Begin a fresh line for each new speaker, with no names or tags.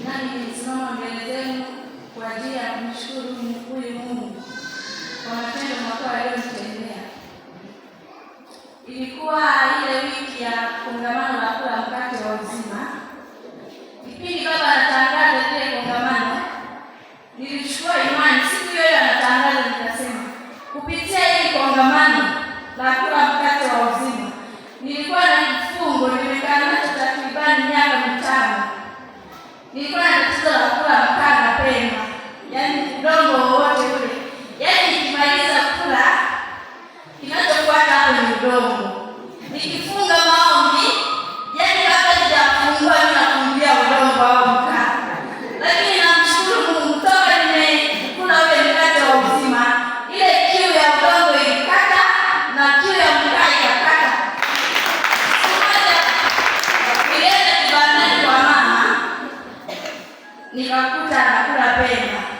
nami nimesimama mbele zenu kwa ajili ya kumshukuru huyu Mungu kwa matendo makubwa aliyonitendea. Ilikuwa ile wiki ya kongamano la kula mkate wa uzima. Kipindi baba anatangaza ile kongamano, nilichukua imani nilikuwa na tatizo la kula mkaa mapema, yaani udongo wowote ule, yaani nikimaliza kula kinachofuata hapo ni udongo, nikifunga nikakuta anakula pema